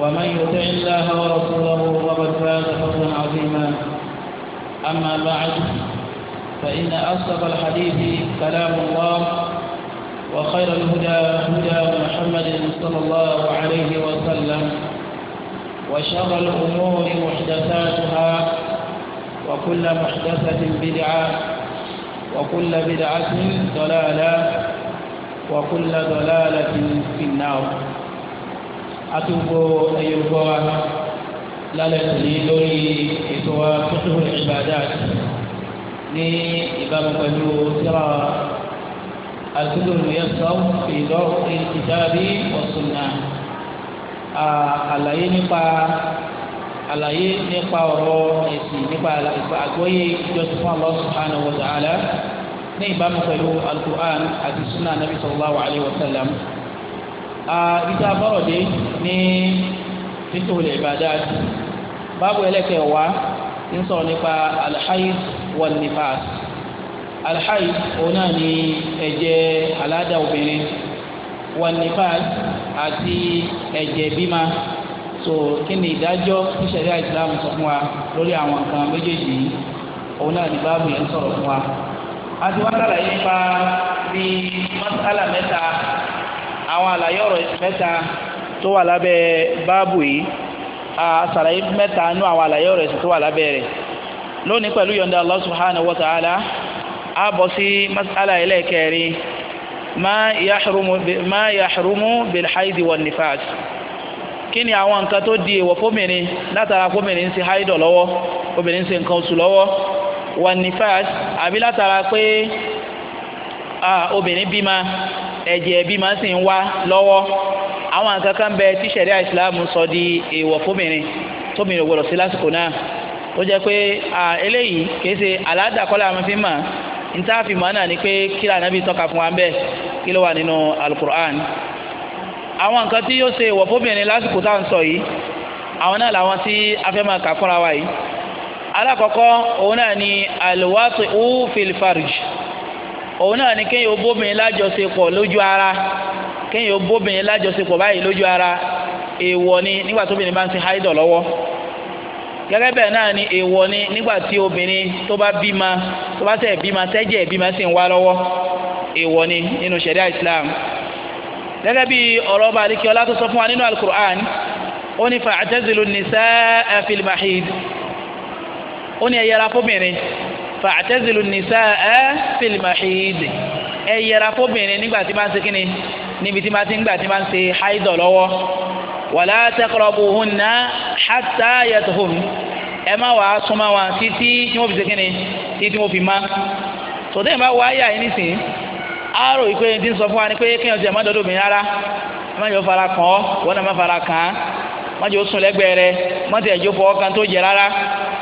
ومن يطع الله ورسوله فقد فاز فوزا عظيما أما بعد فإن أصدق الحديث كلام الله وخير الهدى هدى محمد صلى الله عليه وسلم وشر الأمور محدثاتها وكل محدثة بدعة وكل بدعة ضلالة وكل ضلالة في النار àtúgbò ẹ̀yọ̀gbọ́ wa lálẹ́ tòlí lórí ètò wa tuntun ìbàdàn ní ìbámu pẹ̀lú síra àtúntò ìyẹ́sọ̀ ìlọ́ ìdárí ọ̀sùnà àlàyé nípa àlàyé nípa ọ̀rọ̀ ẹ̀sìn nípa àgbọ́yé ìjọsìn fún Allah subhanahu wa ta'ala ní ìbámu pẹ̀lú al-Qur'an àti sunnah nabi sallallahu alayhi wa ìjà bọ́rọ̀dé ní nítorí Ìbàdàn báàbù ẹlẹ́kẹ̀wá ń sọ̀rọ̀ nípa alhaid wal nifas alhaid òun náà ní ẹ̀jẹ̀ aládà obìnrin wal nifas àti ẹ̀jẹ̀ bímá so kí ni ìdájọ́ tí ṣẹ̀ríà Islam sọ fún wa lórí àwọn nǹkan méjèèjì yìí òun náà ní báàbù yẹn sọ̀rọ̀ fún wa. a ti wá sàlàyé nípa bí mọ́sálà mẹ́ta àwọn àlàyé ọ̀rọ̀ ẹ̀sìn mẹ́ta tó wà lábẹ́ báàbù yìí àṣàlàyé mẹ́ta nú àwọn àlàyé ọ̀rọ̀ ẹ̀sìn tó wà lábẹ́ rẹ̀ lónìí pẹ̀lú yọ̀ǹda Allah subhanahu wa ta'ala a bọ̀ sí mas'ala ẹlẹ́kẹrin ma yahrumu ma yahrumu bil kí ni àwọn nǹkan tó di èèwọ̀ fómìnrin látara fómìnrin ń ṣe haidọ̀ lọ́wọ́ obìnrin ń ṣe nǹkan oṣù lọ́wọ́ wan nifas àbí látara pé obìnrin bímọ ẹ̀jẹ̀ ẹbí máa sì ń wá lọ́wọ́ àwọn nǹkan kan bẹ tí ṣẹ̀ríà ìsìláàmù sọ di èèwọ̀ fómìnrin tómìnrin ògbọ́dọ̀ sí lásìkò náà ó jẹ́ pé eléyìí kìí ṣe aládàkọ́lá àwọn fi mà níta fi mọ̀ náà ni pé kí lànàbí tọ́ka fún wa ń bẹ̀ kí ló wà nínú alukur'an àwọn nǹkan tí yóò ṣe èèwọ̀ fómìnrin lásìkò táwọn sọ yìí àwọn náà làwọn tí a fẹ́ máa kà fúnra wa yìí alákọ̀ọ́kọ́ òun náà ni alwatu fil farj òun náà ni kéèyàn bóbìnrin lájọṣepọ̀ lójú ara kéèyàn bóbìnrin lájọṣepọ̀ báyìí lójú ara èèwọ̀ ni nígbà tó obìnrin bá ń ṣe háídọ̀ lọ́wọ́ gẹ́gẹ́ bẹ́ẹ̀ náà ni èèwọ̀ ni nígbà tí obìnrin tó bá bímọ tó bá ṣe bímọ tẹ́jẹ̀ bímọ sì ń wá lọ́wọ́ èèwọ̀ ni nínú ṣẹ̀ríà Islam gẹ́gẹ́ bí ọ̀rọ̀ ọba adékíọlá tó sọ fún wa nínú alukur'an ó ní fa àtẹ́zìlú nìṣẹ́ ẹ̀fìlmáhìd ó ní ẹ̀yẹra fóbìnrin fàtẹ́sílù nìṣá ẹ́ fìlìmọ̀ ẹ yẹra fóbìnrin nígbà tí bá ń ṣe níbi tí ti ń gbà tí bá ń ṣe háìdọ̀ lọ́wọ́ wàlá tẹ́kọ̀rọ̀bù hùn ná hàtà ẹ má wàá súnmọ́ títí tí wọ́n fi títí wọ́n fi má ti ń sọ fún ti ẹ̀ má dọ́dọ̀ rárá ẹ má yọ fara kàn ọ́ wọ́n náà má fara kàn má jẹ́ ó sùn lẹ́gbẹ̀ẹ́ rẹ má tẹ̀ jó fọwọ́ kan tó jẹ rárá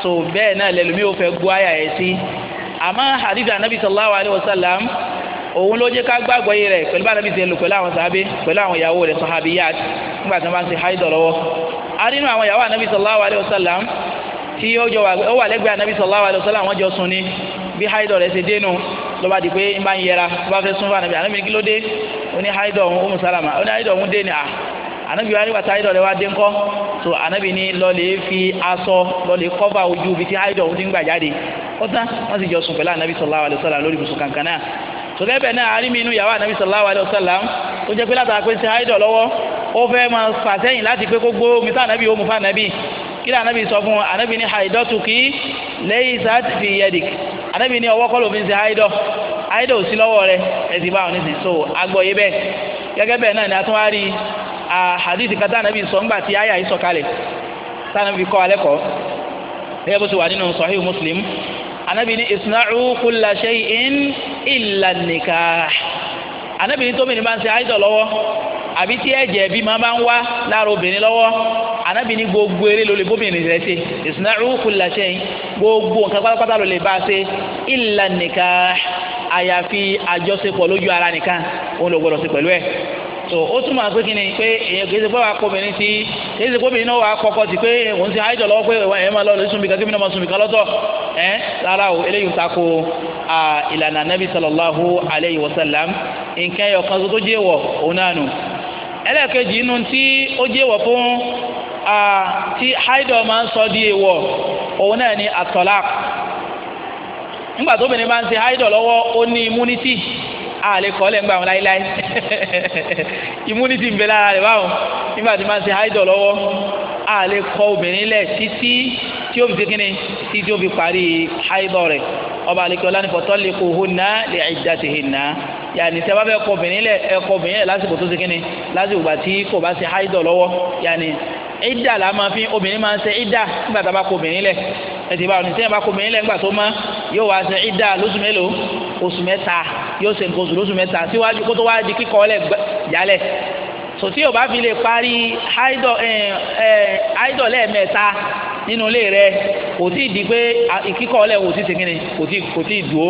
tó bẹ́ẹ̀ náà lẹ́lòmí ò fẹ́ gbọ́ àyà ẹ̀ sí. àmọ́ hadith anabi sallallahu alayhi wa sallam òun ló jẹ́ ká gbàgbọ́ yìí rẹ̀ pẹ̀lú bàtà bí ti lò pẹ̀lú àwọn sàábé pẹ̀lú àwọn ìyàwó rẹ̀ sàhábíyàt nígbà tí wọ́n bá ń ṣe lọ́wọ́. a àwọn ìyàwó anabi sallallahu alayhi wa sallam tí ó jọ wà lẹ́gbẹ̀ẹ́ sallallahu alayhi wa sallam wọ́n jọ sùn ni bí haidọ̀ rẹ̀ ṣe dénú ló bá di pé ń bá ń yẹra ló bá anabi wa nígbà tí haidọ̀ rẹ̀ wá dé so anabi ní lọ́ọ̀lẹ́ fi aṣọ lọ́ọ̀lẹ́ kọ́fà ojú ibi tí haidọ̀ ń gbà jáde ọ̀tá wọ́n sì jọ sùn pẹ̀lú anabi sallallahu alaihi wasallam lórí ibùsùn kankan náà so lẹ́bẹ̀ẹ́ náà arími inú yàrá anabi sallallahu alaihi wasallam tó jẹ́ pé látara pé ṣe haidọ̀ lọ́wọ́ ó fẹ́ máa fà sẹ́yìn láti pé kó gbó omi tá anabi ó mu fún anabi kí ni anabi sọ fún anabi ní haidọ̀ tukì laysat fi yadik anabi ní ọwọ́ kọ́ lómi ṣe haidọ̀ haidọ̀ ò sí lọ́wọ́ rẹ̀ ẹ̀sìn báwọn nísìnyí so agbọ̀ yé bẹ́ẹ̀ gẹ́gẹ́ bẹ́ẹ̀ náà ni a àhàdìsì kátà nàbì sọ ńgbà tí àyà yìí sọ̀kalẹ̀ sànàbì kọ́ alẹ́ kọ́ gẹ́gẹ́ bó ti wà nínú sahih muslim anabi ni isna'u kulla shay'in illa nikah anabi ni tóbi ni bá ń ṣe àìsàn lọ́wọ́ àbí tí ẹ̀jẹ̀ bí máa bá ń wá lára obìnrin lọ́wọ́ anabi ni gbogbo eré ló lè bóbìnrin rẹ̀ ṣe isna'u kulla shay'in gbogbo nǹkan pátápátá ló lè bá a ṣe illa nikah àyàfi àjọṣepọ̀ lójú ara nìkan òun ló gbọdọ̀ ṣe pẹ̀lú ẹ̀ tó ó túmọ̀ pé kí ni pé èyàn kì í ṣe pé wàá kó obìnrin tí kì í ṣe pé obìnrin náà wàá kọ́kọ́ ti pé òun ti háìjọ lọ́wọ́ pé èèyàn máa lọ lè sunbi kan kí mi máa sunbi kan lọ́tọ̀ ẹ́ rárá o eléyìí ta ko ìlànà nabi sallallahu alayhi wa sallam nǹkan ẹ̀yọ̀ kan tó jẹ́ wọ̀ òun náà ni nígbà àlè kọ́lẹ̀ ń gbà wọn láíláí immunity ń bẹ lára rẹ̀ báwọn nígbà tí máa ń ṣe haidọ̀ lọ́wọ́ àlè kọ́ obìnrin lẹ̀ títí tí ó fi kíni títí tí ó fi parí haidọ̀ rẹ̀ ọba àlekọ́ lánàá fọ́tọ́ lè kó hó ná lè ẹja ti hì ná yàní tẹ́ bá fẹ́ kọ obìnrin lẹ̀ ẹ kọ obìnrin lẹ̀ lásìkò tó ṣe kíni lásìkò gbà tí kò bá ṣe haidọ̀ lọ́wọ́ yàní ìdà làá máa fi obìnrin máa ń ṣe ìdà nígbà tá ẹtì bá ọ̀nì sẹ́yìn bá kó mẹ́rin lẹ́gbà tó mọ́ yóò wá ṣe ìdá lóṣù mélòó oṣù mẹ́ta yóò ṣe nǹkan oṣù lóṣù mẹ́ta síwájú kó tó wá di kíkọ́ ọ̀lẹ̀ jálẹ̀ sòtí ò bá fi lè parí áìdọ̀ lẹ́ẹ̀mẹ́ta nínú ilé rẹ kò tí ì di pé ìkíkọ́ ọ̀lẹ̀ kò tí ì sèkínni kò tí ì dúró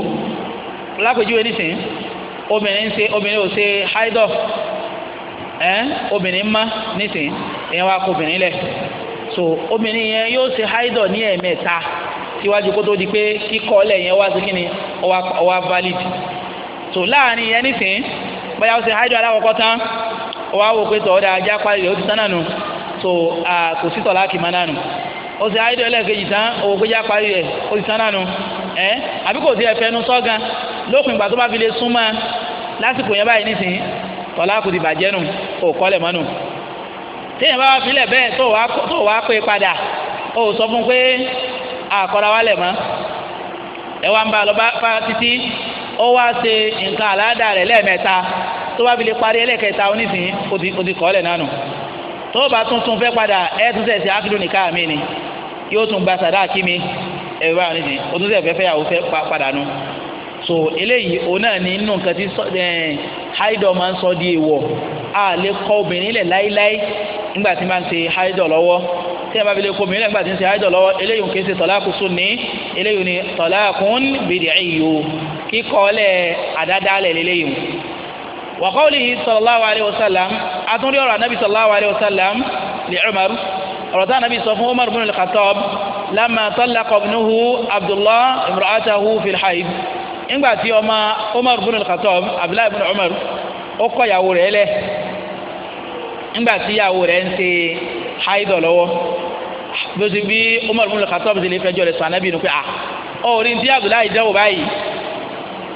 lápèjúwe nísìnyí obìnrin ṣe obìnrin ò ṣe áìdọ̀ obìnrin ń mọ́ ìyẹn wá kó obìnrin lẹ̀ so obìnrin yẹn yóò ṣe haidọ̀ ní ẹ̀ẹ̀mẹ́ta síwájú kó tó di pé kíkọ́ ọlẹ̀ yẹn wá sí kíni ọwá valid so láàrin yẹn nísìn bóyá ó ṣe haidọ̀ alákọ̀ọ́kọ́ tán ọwá wò pé tọ̀ọ́dà ajá parí rẹ̀ ó ti tán nànú so kò sí tọ̀lá kì má nànú ó ṣe haidọ̀ ẹlẹ́ẹ̀kejì tán owó pé já parí rẹ̀ ó ti tán nànú àbí téèyàn bá wá filẹ̀ bẹ́ẹ̀ tó wàá pé padà ó sọ fún pé àkọ́ra wálẹ̀ mọ́ ẹ wá ń bá lọ bá títí ó wá ṣe nǹkan àládàá rẹ̀ lẹ́ẹ̀mẹ́ta tó bá fi lè parí ẹlẹ́kẹta onísìn ó ti kọ́ nánu tó bá tuntun fẹ́ padà ẹ tún sẹ̀sẹ̀ ákìlú nìkan mi ni yóò tún gba ẹ bá ó tún sẹ̀ a lè kọ obìnrin lẹ̀ láíláí nígbà tí máa ń ṣe haidọ̀ lọ́wọ́ tí a bá fi lè kọ obìnrin lẹ̀ nígbà tí ń ṣe haidọ̀ lọ́wọ́ eléyìí kì í ṣe tọ́láàkù sunni eléyìí ni tọ́láàkùn bìdìíyò kíkọ́ lẹ̀ àdádálẹ̀ lélẹ́yìn. wa qawlihi sallallahu alayhi wa sallam atúndí ọ̀rọ̀ anábì sallallahu alayhi wa sallam li ọ̀rọ̀ tá anábì sọ fún Umar ibn al ó kọ ìyàwó rẹ̀ lẹ̀ nígbà tí ìyàwó rẹ̀ ń ṣe haidọ̀ lọ́wọ́ bí ó ti bí Umar bin Khattab ti lè fẹjọ́ rẹ̀ sùn anábì nù pé à ah, ọ orí ti Abdullahi dẹ́wò báyìí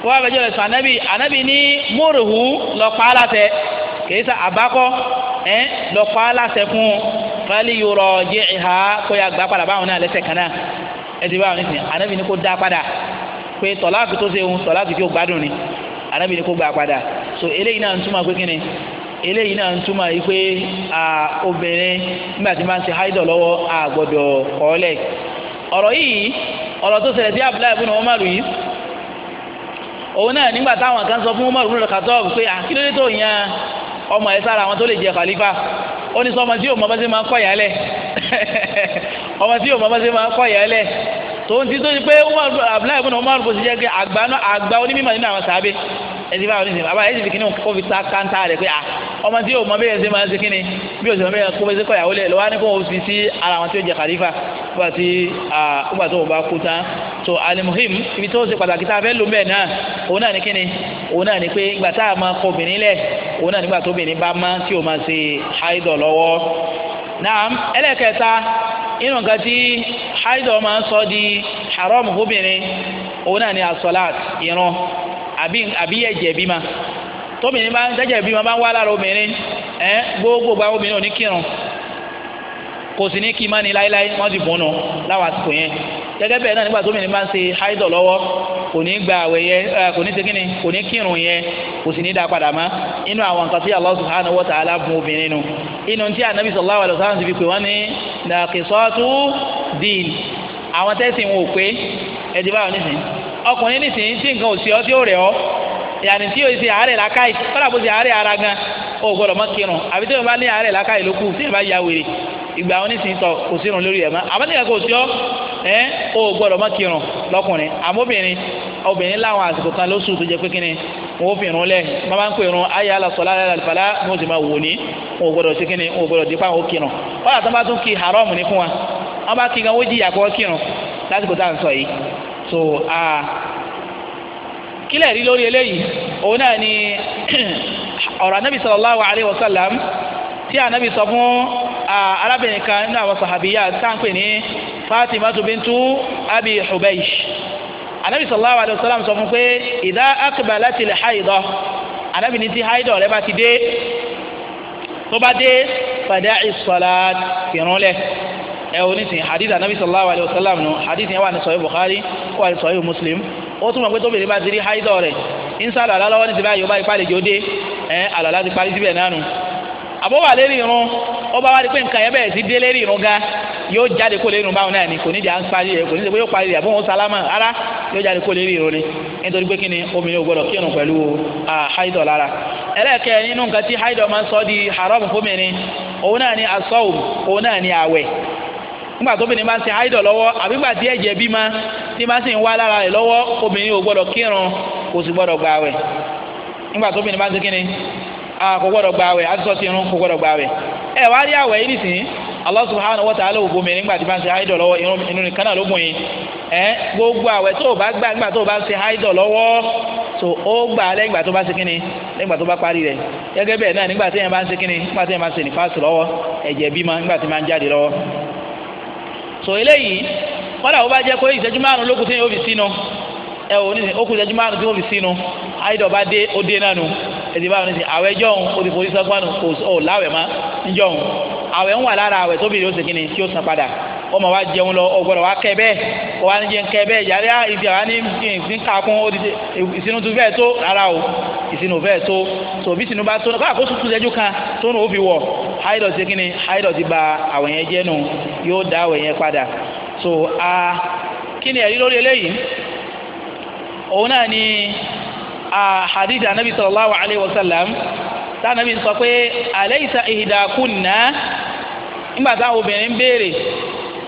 wọ́n fẹjọ́ rẹ̀ sùn anábì anábì ní múrùhù lọ́pàá aláṣẹ kìí sa àbákọ́ ẹ̀ lọ́pàá aláṣẹ fún fali yòrò jẹ́ ìhà kó yà gbá padà báwọn náà lẹ́sẹ̀ kan náà ẹ ti báwọn nísìnyí anábì ní kó dá padà pé tọ́lá àfi tó ṣe òun tọ́lá àfi tó gbádùn ni anábì ní kó gbá padà so eléyìí náà ń túmọ̀ pé eléyìí náà ń túmọ̀ yìí pé obìnrin nígbà tí máa ń ṣe haidọ̀ lọ́wọ́ a gbọ́dọ̀ kọ́ọ́lẹ̀ ọ̀rọ̀ yìí ọ̀rọ̀ tó ṣẹlẹ̀ sí Abdullahi ibn Umar yìí òun náà nígbà táwọn kan sọ fún Umar ibn Khattab pé àkílódé tó yan ọmọ ẹ sára àwọn tó lè jẹ khalifa ó ní sọ ọmọ tí yóò mọ bá ṣe máa ń kọ́ ìyálẹ̀ ọmọ tí yóò bá ṣe máa ń kọ́ ìyálẹ̀ tòun ti tó ti pé Abdullahi ibn Umar kò sì jẹ́ ẹtì báwo ní sè bàbá yìí ti fi kíní kó fi ta káńtà rẹ pé a ọmọ tí yóò mọ bẹ́ẹ̀ ṣe máa ń ṣe kíni bí o sì mọ kó bẹ́ẹ̀ ṣe kọ́ lẹ̀ lọ́wọ́ ní kó o fi sí ara àwọn tí ó jẹ kàlífà nígbà tí nígbà tó o bá kú tán so alimuhim ibi tó o ṣe pàtàkì tá a fẹ́ lò bẹ́ẹ̀ náà òun náà ní kíni òun náà ní pé ìgbà tá a máa kọ obìnrin lẹ̀ òun náà nígbà tó obìnrin bá má tí o máa ṣe haidọ̀ lọ́wọ́ naam ẹlẹ́kẹta inú nǹkan tí haidọ̀ máa ń sọ di haram obìnrin òun náà ní asọ́láàt ìran àbí àbí ẹ̀jẹ̀ bímọ tóbìnrin bá ń tẹ́jẹ̀ bímọ bá ń wá lára obìnrin ẹ gbogbo gba obìnrin ò ní kírun kò sì ní kí má ní láéláé wọ́n ti bùn nù láwọn àsìkò yẹn gẹ́gẹ́ bẹ́ẹ̀ náà nígbà tóbìnrin bá ń ṣe háídọ̀ lọ́wọ́ kò ní gba àwẹ̀ yẹn kò ní ṣe kíni kò ní kírun yẹn kò sì ní dá padà mọ́ inú àwọn nǹkan tí Allah subhanahu wa ta'ala bùn obìnrin nù inú tí anabi sallallahu alaihi wasallam ti fi pè wọ́n ní nàkìsọ́tù dín àwọn tẹ́sìn nísìnyí ọkùnrin nísìnyí tí nǹkan ò sí ọ tí ó rẹ̀ ọ́ yàní tí yóò ṣe àárẹ̀ làákàyè kọ́lá bó ara gan o gbọ́dọ̀ mọ́ kírun àbí tí yóò bá ní àárẹ̀ làákàyè ló kù tí yóò bá ya wèrè ìgbà wọn nísìnyí tọ kò sírun lórí ẹ̀ mọ́ nígbà kò ọ ẹ o gbọ́dọ̀ mọ́ kírun lọ́kùnrin àmóbìnrin obìnrin láwọn àsìkò kan lóṣù tó jẹ pé kíni wọn ò fi irun lẹ wọn bá ń pè irun ayé alasọlá sì máa wò ní wọn so kílẹ̀ rí lórí eléyìí òun náà ni ọ̀rọ̀ anábì sallallahu alayhi wa sallam tí anábì sọ fún arábìnrin kan nínú àwọn sàhàbíyà táǹpè ní Fatima bintu Abi Hubaysh anábì sallallahu alayhi wa sallam sọ fún pé idha aqbalatil haida anábì ní ti haida rẹ bá ti dé tó bá dé fada'i salat kìrún ẹ wo ní sìn hadith anabi sallallahu alayhi wa sallam nù hadith yẹn wà ní sọ̀rọ̀ bukhari wà ní sọ̀rọ̀ muslim ó túmọ̀ pé tóbi bá ti rí haidọ̀ rẹ̀ inshallah alálọ́wọ́ ní ti báyìí ó bá ipá lè jò dé ẹ àlọ́lá ti parí síbẹ̀ náà nù àbọ̀wà lérí irun ó bá wá rí pé nǹkan yẹn bẹ̀rẹ̀ sí dé lérí irun ga yóò jáde kó lérí irun báwọn náà ni kò ní jà ń parí rẹ̀ kò ní sèpé yóò parí rẹ̀ àbọ̀ sálámà rárá yóò jáde kó lérí irun ni nítorí pé kíni obìnrin ò gbọdọ̀ kírun pẹ̀lú haidọ̀ lára ẹlẹ́ẹ̀kẹ́ nínú nǹkan tí haidọ̀ máa ń sọ di haram fómìnrin òun náà ni asọ́wù òun náà ni àwẹ̀ ngba tó obìnrin bá ń ṣe àìdọ̀ lọ́wọ́ àbí gbà bí ma tí ma sì ń wá lára rẹ̀ lọ́wọ́ obìnrin ò gbọ́dọ̀ kírun kò sì gbọ́dọ̀ gba àwẹ̀ nígbà tó bá ń kò gba àti irun kò gba ẹ wá rí àwẹ̀ yìí nìsín Allah subhanahu ha ta'ala òbò mi nígbà tí bá ń ṣe haidọ̀ lọ́wọ́ inú nìkan náà ló gùn yín ẹ gbogbo tó o bá gbà sọ eléyìí kọ́dà ó bá jẹ́ pé ìṣẹ́jú márùn lókun tí yóò fi sínú ẹ ò ní okùn ìṣẹ́jú márùn tí yóò fi sínú àìdọ̀ bá dé ó dé náà nù èdè báwọn ní sè àwẹ̀ ẹjọ́ òun ó ti forí sọ́gbọ́n ò láwẹ̀ má níjọ́ òun àwẹ̀ ń wà lára àwẹ̀ tóbi yóò ṣe tí ó san padà ọmọ wa jẹun lọ ọgbọ́dọ̀ wa kẹ bẹ́ẹ̀ kọ́ wa ní jẹun kẹ bẹ́ẹ̀ yàrá ibi àwa ní ìsìn kakún ìsinú tún fẹ́ẹ̀ tó rárá o ìsinú fẹ́ẹ̀ tó tòbí sinú bá tó bá àkóso tún sẹ́jú kan tó nù ó fi wọ̀ haidọ̀ ṣe kí ni haidọ̀ ti ba àwẹ̀ yẹn jẹ́ nù yóò dá àwẹ̀ yẹn padà so a kí ni ẹ̀rí lórí eléyìí òun náà ni a hadith anabi sallallahu alayhi wa sallam tánàbí sọ pé alaysa ihdakunna nígbà táwọn obìnrin ń béèrè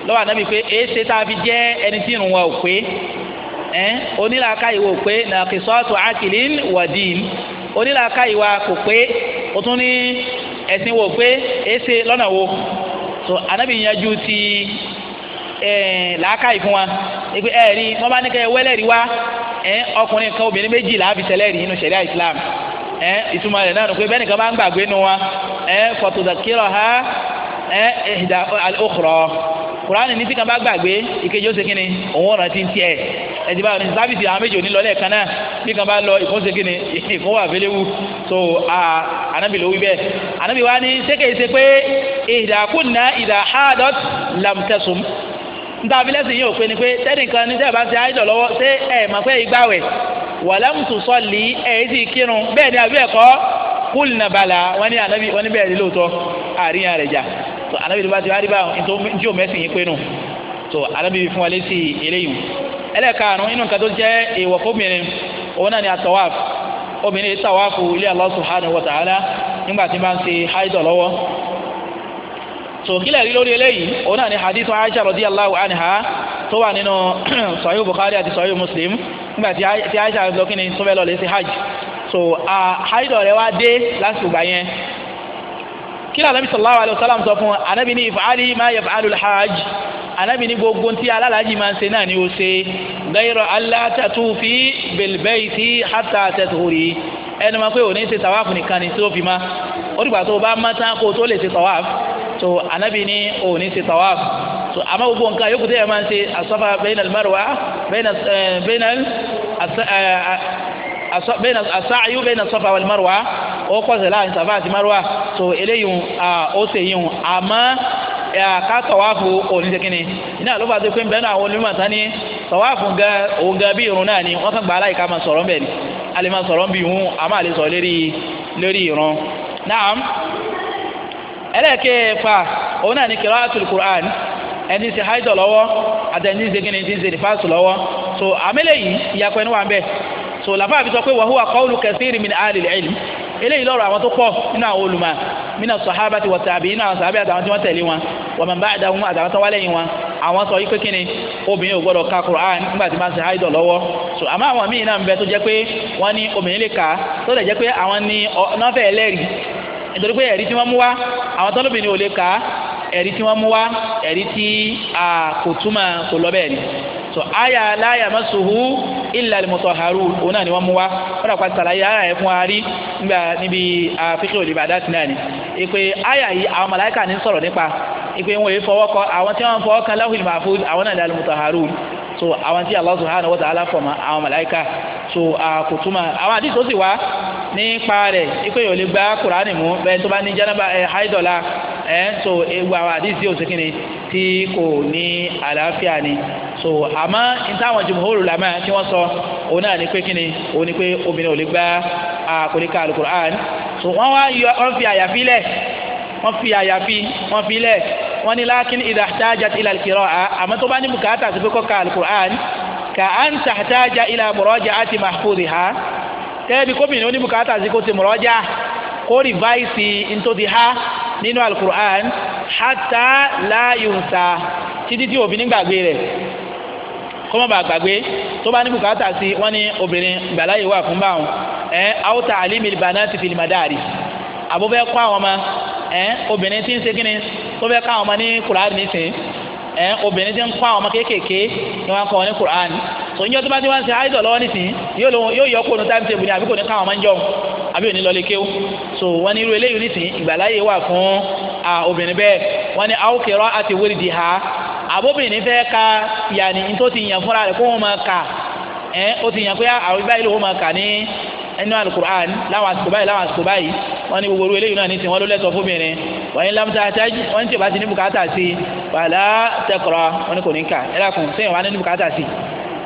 lọ́wọ́ ànábì pé èéṣe tá a fi jẹ́ ẹni tí ìrùn wa ò pé onílàáká ìwà ò pé nàkìsọ́ọ̀tù àkìlín wàdín onílàáká wa kò pé o tún ní ẹ̀sìn wò pé èéṣe lọ́nà wo so ànábì yanjú ti làákà ìfún wa ẹgbẹ́ ẹ rí wọ́n bá ní kẹ́ wẹ́lẹ́rì wá ọkùnrin kan obìnrin méjì làá fi sẹlẹ́rì nínú sẹ̀ríà Islam ìtumọ̀ rẹ̀ náà nù pé bẹ́ẹ̀ni kan bá ń gbàgbé nu wa fọ̀tòdàkírọ̀ ha ìdá al-ukhra kùránì ní tí kan bá gbàgbé ìkejì ó ṣe kíni òun ọ̀ràn ti ń tiẹ̀ ẹ̀dí bá ní sábìsì àwọn méjì ò ní lọ lẹ́ẹ̀kan náà bí kan bá lọ ìkó ṣe kíni ìkó wà fẹ́lẹ́wù so anabi ló wí bẹ́ẹ̀ anabi wa ní sékè ṣe pé ìdàkúnná ìdàhádọ́t làmùtẹ̀sùn nta fi lẹ́sìn yìí ò pe ni pé tẹ́nìkan ní tẹ́ẹ̀ bá ṣe àìjọ lọ́wọ́ ṣé ẹ̀ mọ̀ pé ìgbàwẹ̀ wàlámùtù sọ́ọ̀lì ẹ̀ ti kírun bẹ́ẹ̀ ni àbí ẹ̀kọ́ kúlì nàbàlà wọ́n ní ànábì wọ́n ní bẹ́ẹ̀ ni lóòótọ́ àríyàn rẹ̀ jà so anabi ní bá ti wá rí báwọn tí yóò mẹ́sìn yín pé nù so anabi fún wa létí eléyìí ẹlẹ́ẹ̀karùn-ún inú nǹkan tó jẹ́ èèwọ̀ fóbìnrin òun náà ni àtọ̀wáàfù obìnrin yìí tàwáàfù ilé Allah subhanahu wa ta'ala nígbà tí bá ń ṣe haidọ̀ lọ́wọ́ so kílẹ̀ rí lórí eléyìí òun náà ni hadith Aisha radiyallahu anha tó wà nínú sahih Bukhari àti sahih Muslim nígbà tí Aisha lọ́kìnrin tó fẹ́ lọ lè ṣe hajj so haidọ̀ rẹ̀ wá dé lásìkò gbà yẹn kílá anabi sallallahu alayhi wa sallam sọ fún anabi ní if'ali ma yaf'alu alhaj anabi ní gbogbo ntí alálàájì máa ń ṣe náà ni ó ṣe gayra alla tatufi bil bayti hatta tatuhuri ẹni máa pé òní ṣe tawaf nìkan ni tí ó fi ma ó dìgbà tó o bá má tán kó o tó lè ṣe tawaf tó anabi ní òní ṣe tawaf tó àmọ́ gbogbo nǹkan yòókù tẹ́yẹ̀ máa ń ṣe as-safa bainal marwa bainal eh, bainal. Eh, asáyú bẹ́ẹ̀ náà sọ́fà wàlí márùwá ó kọ́sẹ̀ láàrin sàfà àti márùwá so eléyìí ó ṣe yìí àmọ́ ká tọ̀wáfù oníṣẹ́kínni iná ló bá ti pín bẹ́ẹ̀ náà àwọn onímọ̀tán ní tọ̀wáfù gan òun gan bí irun náà ni wọ́n kàn gbà aláìka máa sọ̀rọ̀ bẹ́ẹ̀ ni a lè máa sọ̀rọ̀ bí irun àmọ́ àlè sọ̀rọ̀ lérí lórí irun náà ẹlẹ́ẹ̀kẹfà òun náà ni qira'atul Qur'an ẹni ṣe haidọ̀ lọ́wọ́ àti ẹni ṣe kínní ti ṣe nífàsù lọ́wọ́ so àmẹ́lẹ́yìn ìyàpẹ́ ni wà ń bẹ́ẹ̀ so làbá àfi sọ pé wàhùwà kọ́ọ̀lù kẹsìrì min alil ilm eléyìí lọ́rọ̀ àwọn tó pọ̀ nínú àwọn olùmọ̀ mina sọ̀hábà ti wọ̀tàbí nínú àwọn sàbẹ̀ àtàwọn tí wọ́n tẹ̀lé wọn wọ́n mọ̀ bá àdàwọn àtàwọn tó wá lẹ́yìn wọn àwọn sọ yí pé kíni obìnrin ò gbọ́dọ̀ ka Qur'an nígbà tí máa ṣe lọ́wọ́ so àmọ́ àwọn míì náà ń bẹ tó jẹ́ pé wọ́n ní obìnrin lè tó lè jẹ́ pé àwọn ní nọ́fẹ̀ ẹlẹ́rìí nítorí pé ẹ̀rí So, àyà láyà masuhu illa al-mutahharun òun náà ni wọ́n mú wa wọ́n dàpọ̀ sàlàyé àyà yẹn fún wa rí nígbà níbi àfikún olùbàdàn ti náà ni ìpè àyà yìí àwọn màláìkà ní sọ̀rọ̀ nípa ìpè wọn èyí fọwọ́ kọ àwọn tí wọ́n fọwọ́ kan àwọn náà ni al so àwọn tí Allah subhanahu wa ta'ala àwọn malaika nípa rẹ̀ ikú yóò lè gba kuraani mú bẹ́ẹ̀ tó bá ní jẹ́nàbà ẹ̀ háìdọ̀la ẹ̀ so ewu àwọn àdìsí òsèkìnì tí kò ní àlàáfíà ni so àmọ́ ìtàwọn jùmọ̀hóòrò làmà tí wọ́n sọ òun náà ní pé kíni òun ní pé obìnrin ò lè gba àkòríkà alukuraani so wọ́n wá yọ wọ́n fi àyàfi lẹ̀ wọ́n fi àyàfi wọ́n fi lẹ̀ wọ́n ní lákìn ìdàtàjà ilà kìrọ̀ àmọ́ tó bá ní bùkátà sí pé kọ́ ka alukuraani kà á ń tàtàjà ilà bọ̀rọ̀jà kẹ́ẹ́ bí kóbìnrin sí kó ti mọ̀rọ́jà kó rìváìsì ntòdì ha nínú alukur'an hata láyùnsá títí tí obìnrin gbàgbé rẹ̀ kó gbàgbé tó bá ní sí wọ́n obìnrin wà fún báwọn ẹ̀ alimil banati fil madari àbúfẹ́ kọ́ àwọn ọmọ ẹ̀ obìnrin tí ń ṣe kíni tó fẹ́ kọ́ àwọn obìnrin ń kọ́ àwọn ọmọ kéékèèké ni òyìnbó tó bá ti wá ń ṣe àìsàn lọ́wọ́ nísìnyí yóò yọ kóònù táìmù tèbù ni àbí kò ní káwọn máa ń jọun àbí òní lọlé kéwù so wọn ní irú eléyìí nísìnyí ìgbàláyè wà fún obìnrin bẹ́ẹ̀ wọn ní àwòkèrọ àti wíìlì di ha àbóbìnrin fẹ́ ka yàní tó ti yàn fúnra rẹ̀ kó wọn máa kà ẹ́ ó ti yàn pé àwọn ibà yìí ló máa kà ní inú alukur'an láwọn àsìkò báyìí láwọn àsìkò báyìí wọn ní gbogbo eléyìí náà ní tiwọn ló lẹ́tọ̀ọ́ fóbìnrin wọn ní lamta àtàjì wọn ní tìbá ti ní bùkátà sí wàhálà tẹkọrọ wọn kò ní kà ẹ lákùn sẹ́yìn wọn á ní bùkátà sí